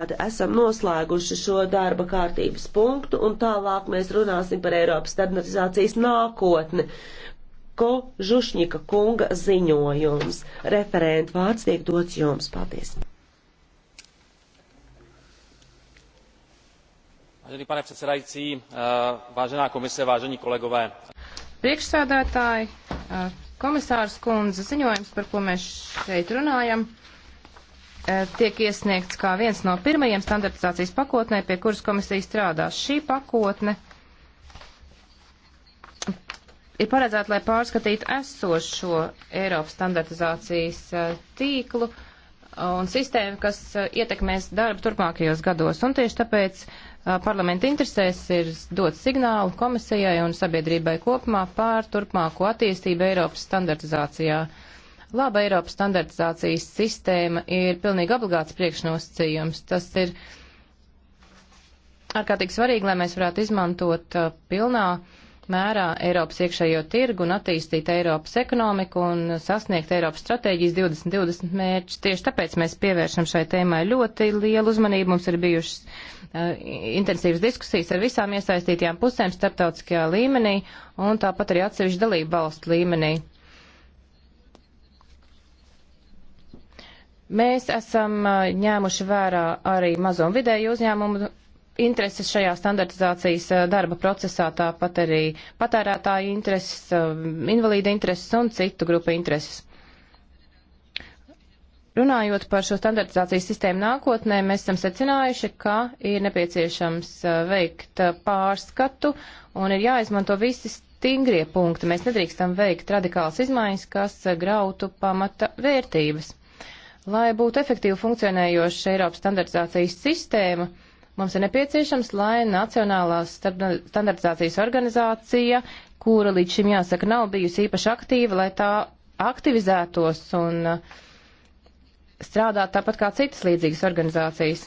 Tad esam noslēguši šo darba kārtības punktu, un tālāk mēs runāsim par Eiropas standartizācijas nākotni. Ko Žušņika kunga ziņojums. Referenta vārds tiek dots jums. Paldies. Vážený pane předsedající, eh, vážená komise, vážení kolegové. Priekšsādātāji, eh, komisārs kundze ziņojums, par ko mēs šeit runājam Eh, tiek iesniegts kā viens no pirmajiem standartizācijas pakotnē, pie kuras komisija strādās. Šī pakotne ir paredzēta, lai pārskatītu esošo Eiropas standartizācijas eh, tīklu eh, un sistēmu, kas ietekmēs darbu turpmākajos gados. Un tieši tāpēc parlamenta interesēs ir dot signālu komisijai un sabiedrībai kopumā pār turpmāko attīstību Eiropas standartizācijā. Uh, Laba Eiropas standartizācijas sistēma ir pilnīgi obligāts priekšnosacījums. Tas ir ārkārtīgi svarīgi, lai mēs varētu izmantot uh, pilnā mērā Eiropas iekšējo tirgu un attīstīt Eiropas ekonomiku un sasniegt Eiropas stratēģijas 2020 mērķus. Tieši tāpēc mēs pievēršam šai tēmai ļoti lielu uzmanību. Mums ir bijušas uh, intensīvas diskusijas ar visām iesaistītajām pusēm starptautiskajā līmenī un tāpat arī atsevišķu dalību valstu līmenī. Mēs esam ņēmuši vērā arī mazo un vidēju uzņēmumu intereses šajā standartizācijas darba procesā, tāpat arī patērētāju intereses, invalīda intereses un citu grupu intereses. Runājot par šo standartizācijas sistēmu nākotnē, mēs esam secinājuši, ka ir nepieciešams veikt pārskatu un ir jāizmanto visi stingrie punkti. Mēs nedrīkstam veikt radikālas izmaiņas, kas grautu pamata vērtības. Lai būtu efektīvi funkcionējoša Eiropas standartizācijas sistēma, mums ir nepieciešams, lai Nacionālās standartizācijas organizācija, kura līdz šim jāsaka nav bijusi īpaši aktīva, lai tā aktivizētos un uh, strādātu tāpat kā citas līdzīgas organizācijas.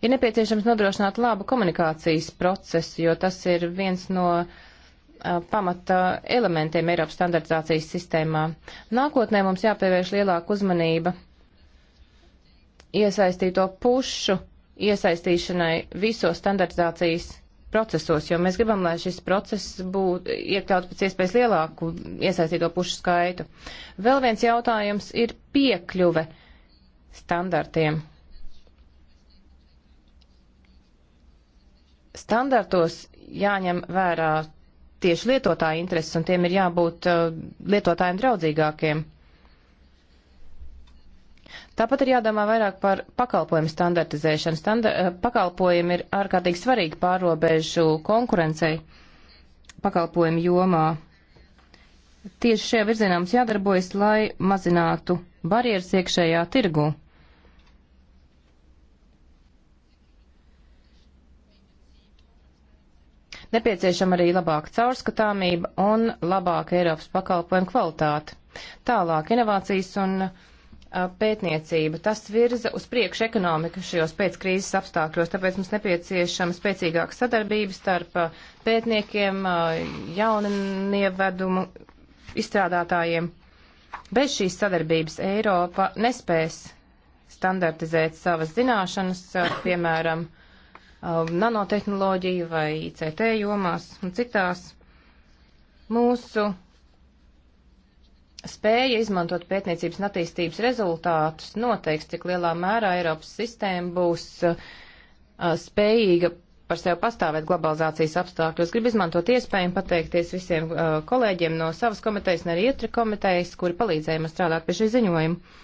ir nepieciešams nodrošināt labu komunikācijas procesu, jo tas ir viens no uh, pamata elementiem Eiropas standartizācijas sistēmā. Nākotnē mums jāpievērš lielāka uzmanība iesaistīto pušu iesaistīšanai visos standartizācijas procesos, jo mēs gribam, lai šis process būtu iekļaut pēc iespējas lielāku iesaistīto pušu skaitu. Vēl viens jautājums ir piekļuve standartiem. Standartos jāņem vērā tieši lietotāja intereses, un tiem ir jābūt uh, lietotājiem draudzīgākiem. Tāpat ir jādomā vairāk par pakalpojumu standartizēšanu. Standar uh, pakalpojumi ir ārkārtīgi svarīgi pārobežu konkurencei pakalpojumu jomā. Tieši šajā virzienā mums jādarbojas, lai mazinātu barjeras iekšējā tirgu. Nepieciešama arī labāka caurskatāmība un labāka Eiropas pakalpojumu kvalitāte. Tālāk inovācijas un pētniecība. Tas virza uz priekšu ekonomiku šajos pēckrīzes apstākļos, tāpēc mums nepieciešama spēcīgāka sadarbība starp pētniekiem, jaunievedumu izstrādātājiem. Bez šīs sadarbības Eiropa nespēs standartizēt savas zināšanas, piemēram, uh, Um, nanotehnoloģiju vai ICT jomās un citās. Mūsu spēja izmantot pētniecības un attīstības rezultātus noteiks, cik lielā mērā Eiropas sistēma būs uh, spējīga par sevi pastāvēt globalizācijas apstākļos. Gribu izmantot iespēju un pateikties visiem uh, kolēģiem no savas komitejas un arī ietri komitejas, kuri palīdzēja man strādāt pie šī ziņojuma.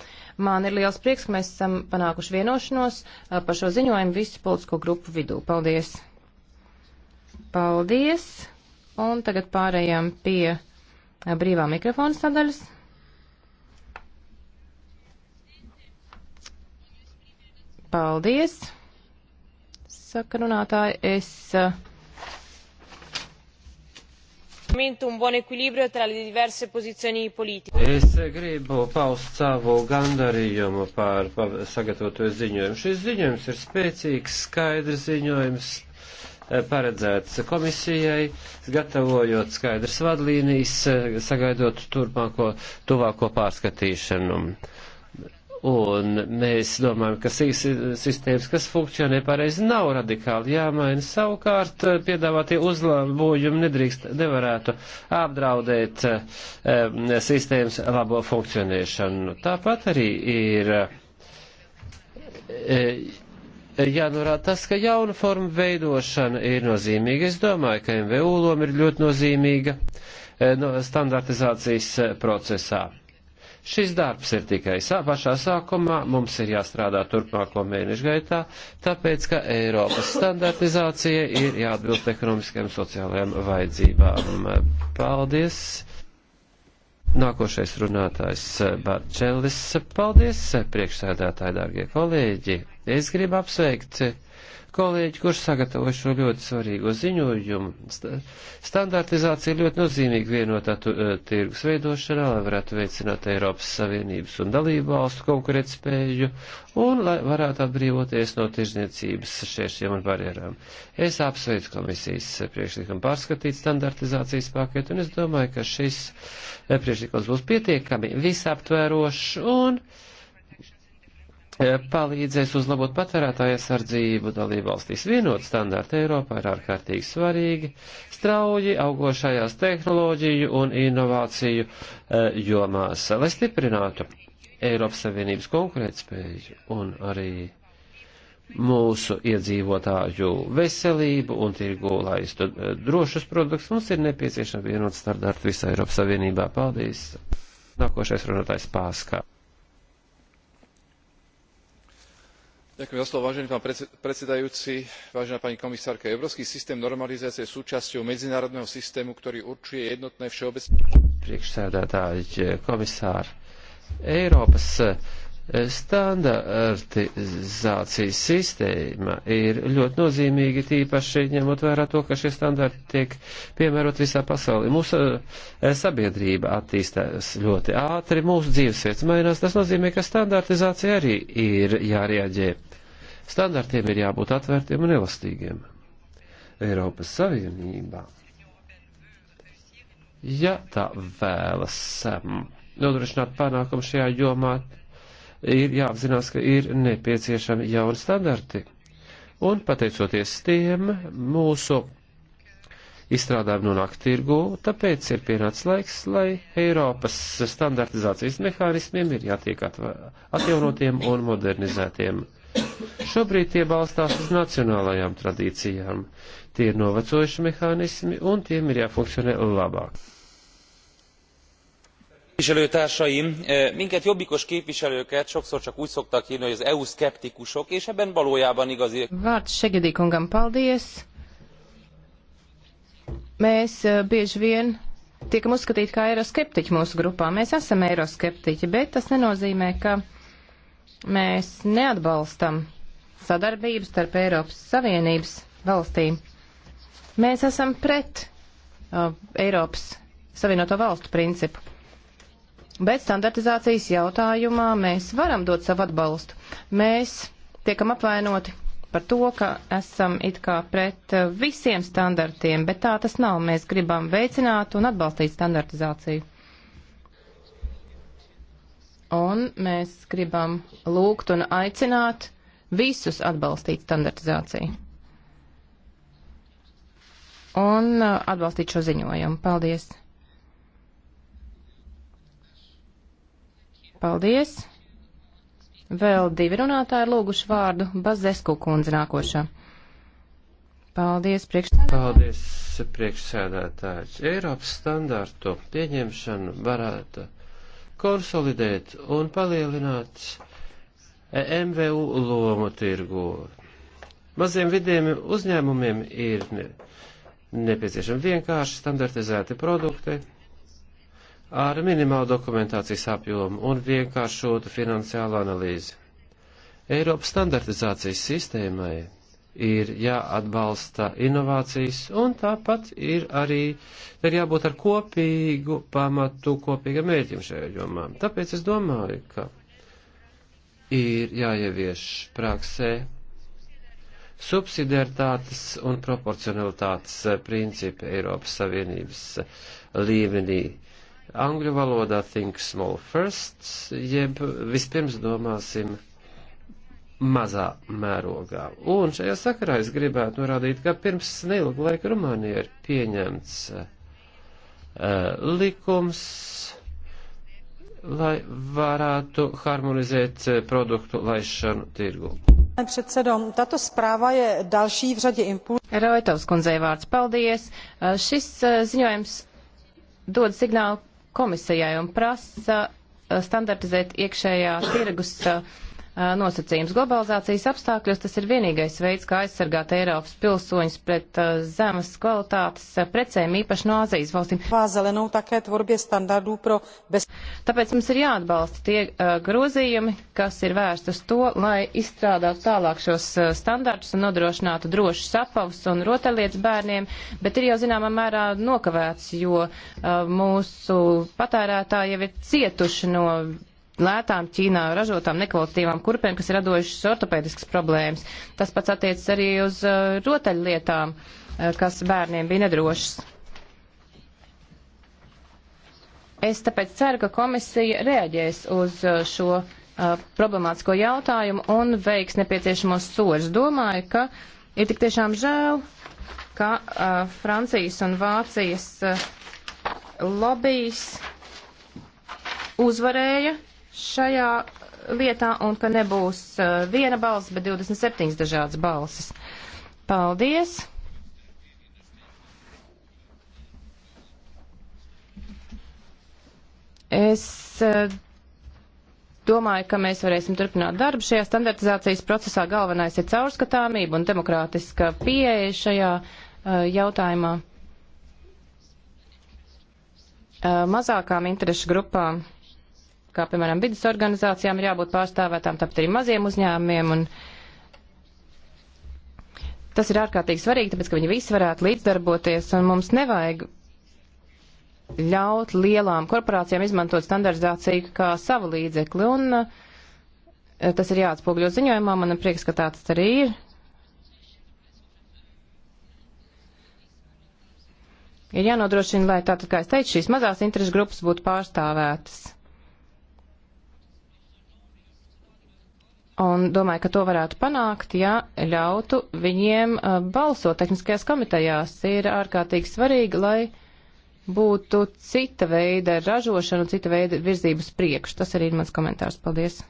Man ir liels prieks, ka mēs esam panākuši vienošanos par šo ziņojumu visu politisko grupu vidū. Paldies! Paldies! Un tagad pārējām pie brīvā mikrofona sadaļas. Paldies! Saka runātāji, es. Uh, Es gribu paust savu gandarījumu par sagatavoto ziņojumu. Šis ziņojums ir spēcīgs, skaidrs ziņojums, eh, paredzēts komisijai, gatavojot skaidrs vadlīnijas, eh, sagaidot turpmāko, tuvāko pārskatīšanu. Un mēs domājam, ka sistēmas, kas funkcionē pareizi, nav radikāli jāmaina. Savukārt, eh, piedāvātie uzlabojumi nedrīkst, nevarētu apdraudēt um, sistēmas labo funkcionēšanu. Tāpat arī ir. E, jānorāda tas, ka jauna forma veidošana ir nozīmīga. Es domāju, ka MVU loma ir ļoti nozīmīga no standartizācijas procesā. Šis darbs ir tikai sā, pašā sākumā, mums ir jāstrādā turpmāko mēnešu gaitā, tāpēc, ka Eiropas standartizācija ir jāatbilst ekonomiskajām sociālajām vajadzībām. Paldies! Nākošais runātājs eh, Barčelis. Paldies, eh, priekšsēdētāji, dārgie kolēģi! Es gribu apsveikt kolēģi, kurš sagatavo šo ļoti svarīgo ziņojumu. Standartizācija ir ļoti nozīmīga vienotā eh, tirgus veidošanā, lai varētu veicināt Eiropas Savienības un dalību valstu konkurētspēju un lai varētu atbrīvoties no tirzniecības šķēršļiem un barjerām. Es apsveicu komisijas priekšlikumu pārskatīt standartizācijas paketu un es domāju, ka šis eh, priekšlikums būs pietiekami visaptvērošs un Eh, palīdzēs uzlabot patērētāja sardzību dalībvalstīs. Vienot standārti Eiropā ir ārkārtīgi svarīgi, strauji augošajās tehnoloģiju un inovāciju eh, jomās, lai stiprinātu Eiropas Savienības konkurētspēju un arī mūsu iedzīvotāju veselību un tirgu laistu eh, drošus produktus. Mums ir nepieciešama vienot standārti visā Eiropas Savienībā. Paldies! Nākošais runātājs Pāskā. európsky systém normalizácie je súčasťou medzinárodného systému ktorý určuje jednotné všeobecné štandardy pre európsku úniu standartizācijas sistēma ir ļoti nozīmīga, tīpaši ņemot vērā to, ka šie standarti tiek piemērot visā pasaulē. Mūsu eh, sabiedrība attīstās ļoti ātri, mūsu dzīvesvietas mainās, tas nozīmē, ka standartizācija arī ir jārieģē. Standartiem ir jābūt atvērtiem un elastīgiem. Eiropas Savienībā. Ja tā vēlas nodrošināt panākumu šajā jomā, ir jāapzinās, ka ir nepieciešami jauni standarti. Un pateicoties tiem, mūsu izstrādājumi nonāk tirgu, tāpēc ir pienācis laiks, lai Eiropas standartizācijas mehānismiem ir jātiek atjaunotiem un modernizētiem. Šobrīd tie balstās uz nacionālajām tradīcijām. Tie ir novecojuši mehānismi un tiem ir jāfunkcionē labāk képviselőtársaim! Eh, minket jobbikos képviselőket sokszor csak úgy szoktak hvni hogy az eu szkeptikusok és ebben valójában igaziak. vārds segedī kungam paldies. mēs eh, bieži vien tiekam uzskatīti kā eiroskeptiķi mūsu grupā. Mēs esam eiroskeptiķi, bet tas nenozīmē, ka mēs neatbalstam sadarbību starp Eiropas Savienības valstīm. Mēs esam pret uh, Eiropas Savienoto valstu principu. Bet standartizācijas jautājumā mēs varam dot savu atbalstu. Mēs tiekam apvainoti par to, ka esam it kā pret eh, visiem standartiem, bet tā tas nav. Mēs gribam veicināt un atbalstīt standartizāciju. Un mēs gribam lūgt un aicināt visus atbalstīt standartizāciju. Un eh, atbalstīt šo ziņojumu. Paldies! Paldies! Vēl divi runātāji lūguši vārdu. Bazesku kundze nākošā. Paldies, priekšsēdētāji. Paldies, priekšsēdētājs. Eiropas standārtu pieņemšanu varētu konsolidēt un palielināt MVU lomu tirgu. Maziem vidiem uzņēmumiem ir nepieciešami vienkārši standartizēti produkti ar minimālu dokumentācijas apjomu un vienkāršotu finansiālu analīzi. Eiropas standartizācijas sistēmai ir jāatbalsta inovācijas, un tāpat ir arī ir jābūt ar kopīgu pamatu, kopīgam mērķim šajā jomā. Tāpēc es domāju, ka ir jāievieš praksē subsidiaritātes un proporcionalitātes principi Eiropas Savienības līmenī Angļu valodā think small first, jeb vispirms domāsim mazā mērogā. Un šajā sakarā es gribētu norādīt, ka pirms neilga laika Rumānija ir pieņemts uh, likums, lai varētu harmonizēt eh, produktu laišanu tirgu. Tato sprāva ir dalšī v řadě impulsu. Rojtovs kundzei vārds, paldies. Eh, šis ziņojums dod signālu, komisijai un prasa eh, standartizēt iekšējā tirgus uh, Eh, nosacījums. Globalizācijas apstākļos tas ir vienīgais veids, kā aizsargāt Eiropas pilsoņus pret uh, zemes kvalitātes uh, precēm, īpaši no Azijas valstīm. Tāpēc mums ir jāatbalsta tie uh, grozījumi, kas ir vērsti uz to, lai izstrādātu tālāk šos uh, standartus un nodrošinātu drošus sapavus un rotaļlietas bērniem, bet ir jau zināmā mērā nokavēts, jo uh, mūsu patērētāji jau ir cietuši no lētām Ķīnā ražotām nekvalitatīvām kurpēm, kas ir radojušas ortopēdiskas problēmas. Tas pats attiecas arī uz uh, rotaļlietām, uh, kas bērniem bija nedrošas. Es tāpēc ceru, ka komisija reaģēs uz uh, šo uh, problemātisko jautājumu un veiks nepieciešamos soļus. Domāju, ka ir tik tiešām žēl, ka uh, Francijas un Vācijas uh, lobbyis uzvarēja uh, šajā lietā un ka nebūs uh, viena balss, bet 27 dažādas balsis. Paldies! Es uh, domāju, ka mēs varēsim turpināt darbu šajā standartizācijas procesā. Galvenais ir caurskatāmība un demokrātiska pieeja šajā uh, jautājumā. Uh, mazākām interešu grupām kā, piemēram, vidas organizācijām ir jābūt pārstāvētām, tāpat arī maziem uzņēmumiem. Un tas ir ārkārtīgi svarīgi, tāpēc, ka viņi visi varētu līdzdarboties, un mums nevajag ļaut lielām korporācijām izmantot standardizāciju kā savu līdzekli, un eh, tas ir jāatspogļo ziņojumā, man ir prieks, ka tāds arī ir. Ir jānodrošina, lai tātad, kā es teicu, šīs mazās interešu grupas būtu pārstāvētas. Un domāju, ka to varētu panākt, ja ļautu viņiem uh, balsot tehniskajās komitejās. Ir ārkārtīgi svarīgi, lai būtu cita veida ražošana un cita veida virzības priekš. Tas arī ir mans komentārs. Paldies!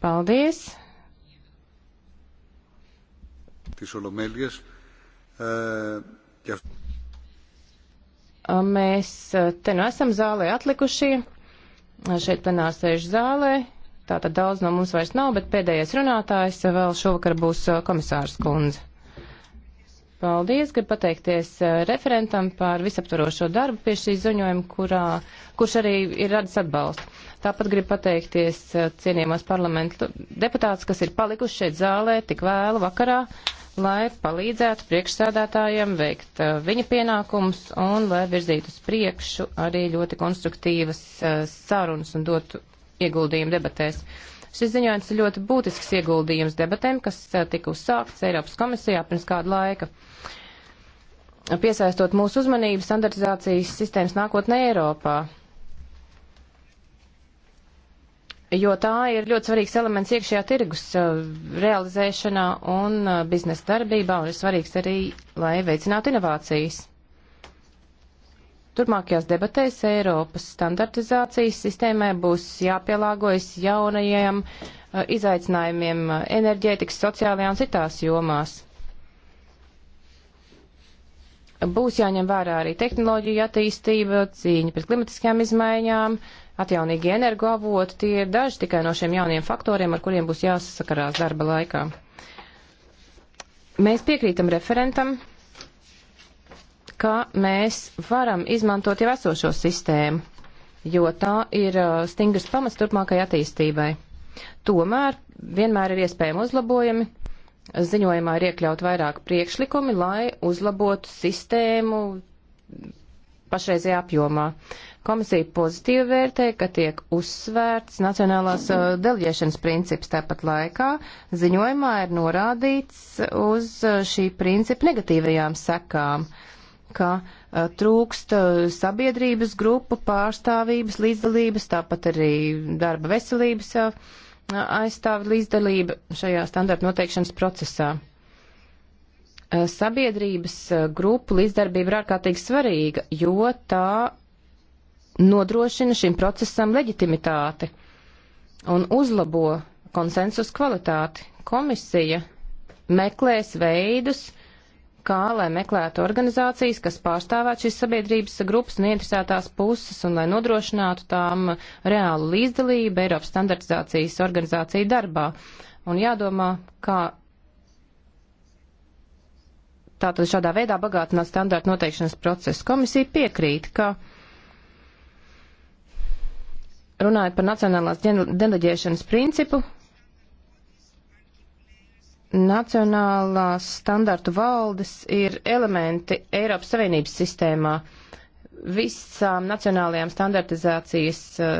Paldies! Mēs uh, te nu esam zālē atlikušie šeit plenārsēžu zālē. Tātad daudz no mums vairs nav, bet pēdējais runātājs vēl šovakar būs uh, komisārs kundze. Paldies, gribu pateikties uh, referentam par visaptvarošo darbu pie šī ziņojuma, kurā, kurš arī ir radis atbalstu. Tāpat gribu pateikties uh, cienījumos parlamentu deputāts, kas ir palikuši šeit zālē tik vēlu vakarā lai palīdzētu priekšsādātājiem veikt uh, viņa pienākumus un lai virzītu uz priekšu arī ļoti konstruktīvas uh, sarunas un dotu ieguldījumu debatēs. Šis ziņojums ir ļoti būtisks ieguldījums debatēm, kas uh, tika uzsākts Eiropas komisijā pirms kādu laiku. Piesaistot mūsu uzmanību standartizācijas sistēmas nākotnē Eiropā, jo tā ir ļoti svarīgs elements iekšējā tirgus uh, realizēšanā un uh, biznesa darbībā, un ir svarīgs arī, lai veicinātu inovācijas. Turmākajās debatēs Eiropas standartizācijas sistēmai būs jāpielāgojas jaunajiem uh, izaicinājumiem enerģētikas, sociālajā un citās jomās. Būs jāņem vērā arī tehnoloģija attīstība, cīņa pret klimatiskajām izmaiņām, uh, Atjaunīgi energoavoti tie ir daži tikai no šiem jauniem faktoriem, ar kuriem būs jāsasakarās darba laikā. Mēs piekrītam referentam, ka mēs varam izmantot jau esošo sistēmu, jo tā ir uh, stingrs pamats turpmākai attīstībai. Tomēr vienmēr ir iespējami uzlabojumi. Ziņojumā ir iekļaut vairāk priekšlikumi, lai uzlabotu sistēmu pašreizajā apjomā. Komisija pozitīvi vērtē, ka tiek uzsvērts nacionālās uh, deleģēšanas princips tāpat laikā. Ziņojumā ir norādīts uz uh, šī principa negatīvajām sekām, ka uh, trūkst uh, sabiedrības grupu pārstāvības līdzdalības, tāpat arī darba veselības uh, aizstāvi līdzdalība šajā standarta noteikšanas procesā. Eh, sabiedrības eh, grupu līdzdarbība ir ārkārtīgi svarīga, jo tā nodrošina šim procesam leģitimitāti un uzlabo konsensus kvalitāti. Komisija meklēs veidus, kā lai meklētu organizācijas, kas pārstāvētu šīs sabiedrības grupas un interesētās puses un lai nodrošinātu tām reālu līdzdalību Eiropas standartizācijas organizāciju darbā. Un jādomā, kā tātad šādā veidā bagātināt standārtu noteikšanas procesu. Komisija piekrīt, ka runājot par nacionālās deleģēšanas principu, nacionālās standartu valdes ir elementi Eiropas Savienības sistēmā. Visām nacionālajām standartizācijas uh,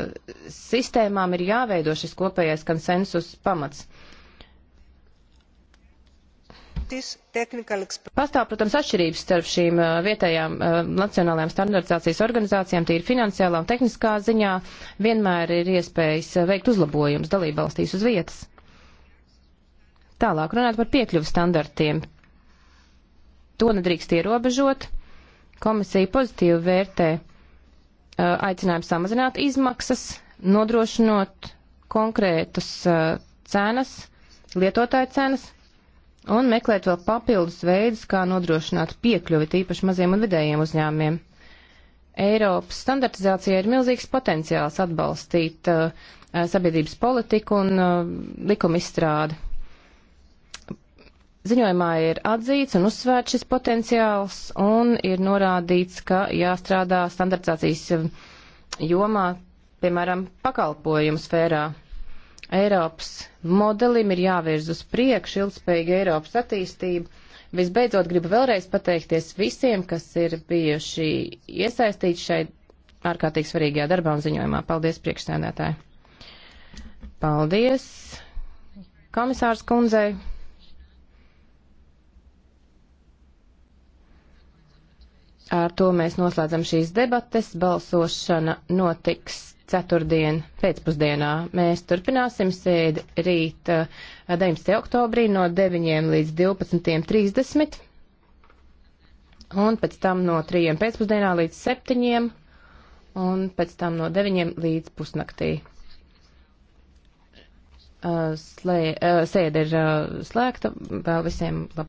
sistēmām ir jāveido šis kopējais konsensus pamats. Uh, Pastāv, protams, atšķirības starp šīm vietējām nacionālajām standartizācijas organizācijām, tīri finansiālā un tehniskā ziņā vienmēr ir iespējas veikt uzlabojumus dalībvalstīs uz vietas. Tālāk runāt par piekļuvu standartiem. To nedrīkst ierobežot. Komisija pozitīvi vērtē aicinājumu samazināt izmaksas, nodrošinot konkrētas cenas, lietotāju cenas un meklēt vēl papildus veidus, kā nodrošināt piekļuvi tīpaši maziem un vidējiem uzņēmumiem. Eiropas standartizācijai ir milzīgs potenciāls atbalstīt uh, uh sabiedrības politiku un uh, likuma izstrādi. Ziņojumā ir atzīts un uzsvērts šis potenciāls un ir norādīts, ka jāstrādā standartizācijas um, jomā, piemēram, pakalpojumu sfērā. Eiropas modelim ir jāvirz uz priekšu ilgspējīga Eiropas attīstība. Visbeidzot, gribu vēlreiz pateikties visiem, kas ir bijuši iesaistīti šai ārkārtīgi svarīgajā darbā un ziņojumā. Paldies, priekšsēdētāji! Paldies komisārs kundzei! Ar to mēs noslēdzam šīs debates. Balsošana notiks ceturtdien pēcpusdienā. Mēs turpināsim sēdi rīt 19. Eh, oktobrī no 9 līdz 12.30 un pēc tam no 3 pēcpusdienā līdz 7 un pēc tam no 9 līdz pusnaktī. Uh, slē, uh, sēde ir uh, slēgta, vēl visiem labi.